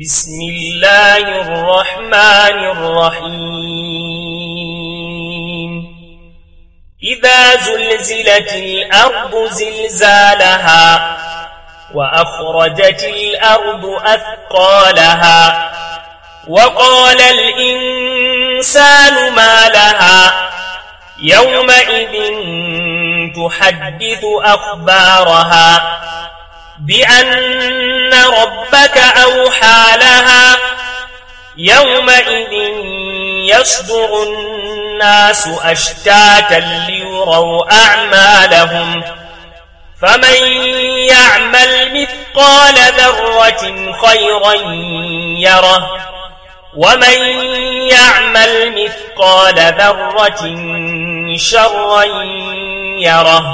بسم الله الرحمن الرحيم إذا زلزلت الأرض زلزالها وأخرجت الأرض أثقالها وقال الإنسان ما لها يومئذ تحدث أخبارها بأن ربك أوحى يومئذ يصدر الناس أشتاتا ليروا أعمالهم فمن يعمل مثقال ذرة خيرا يره ومن يعمل مثقال ذرة شرا يره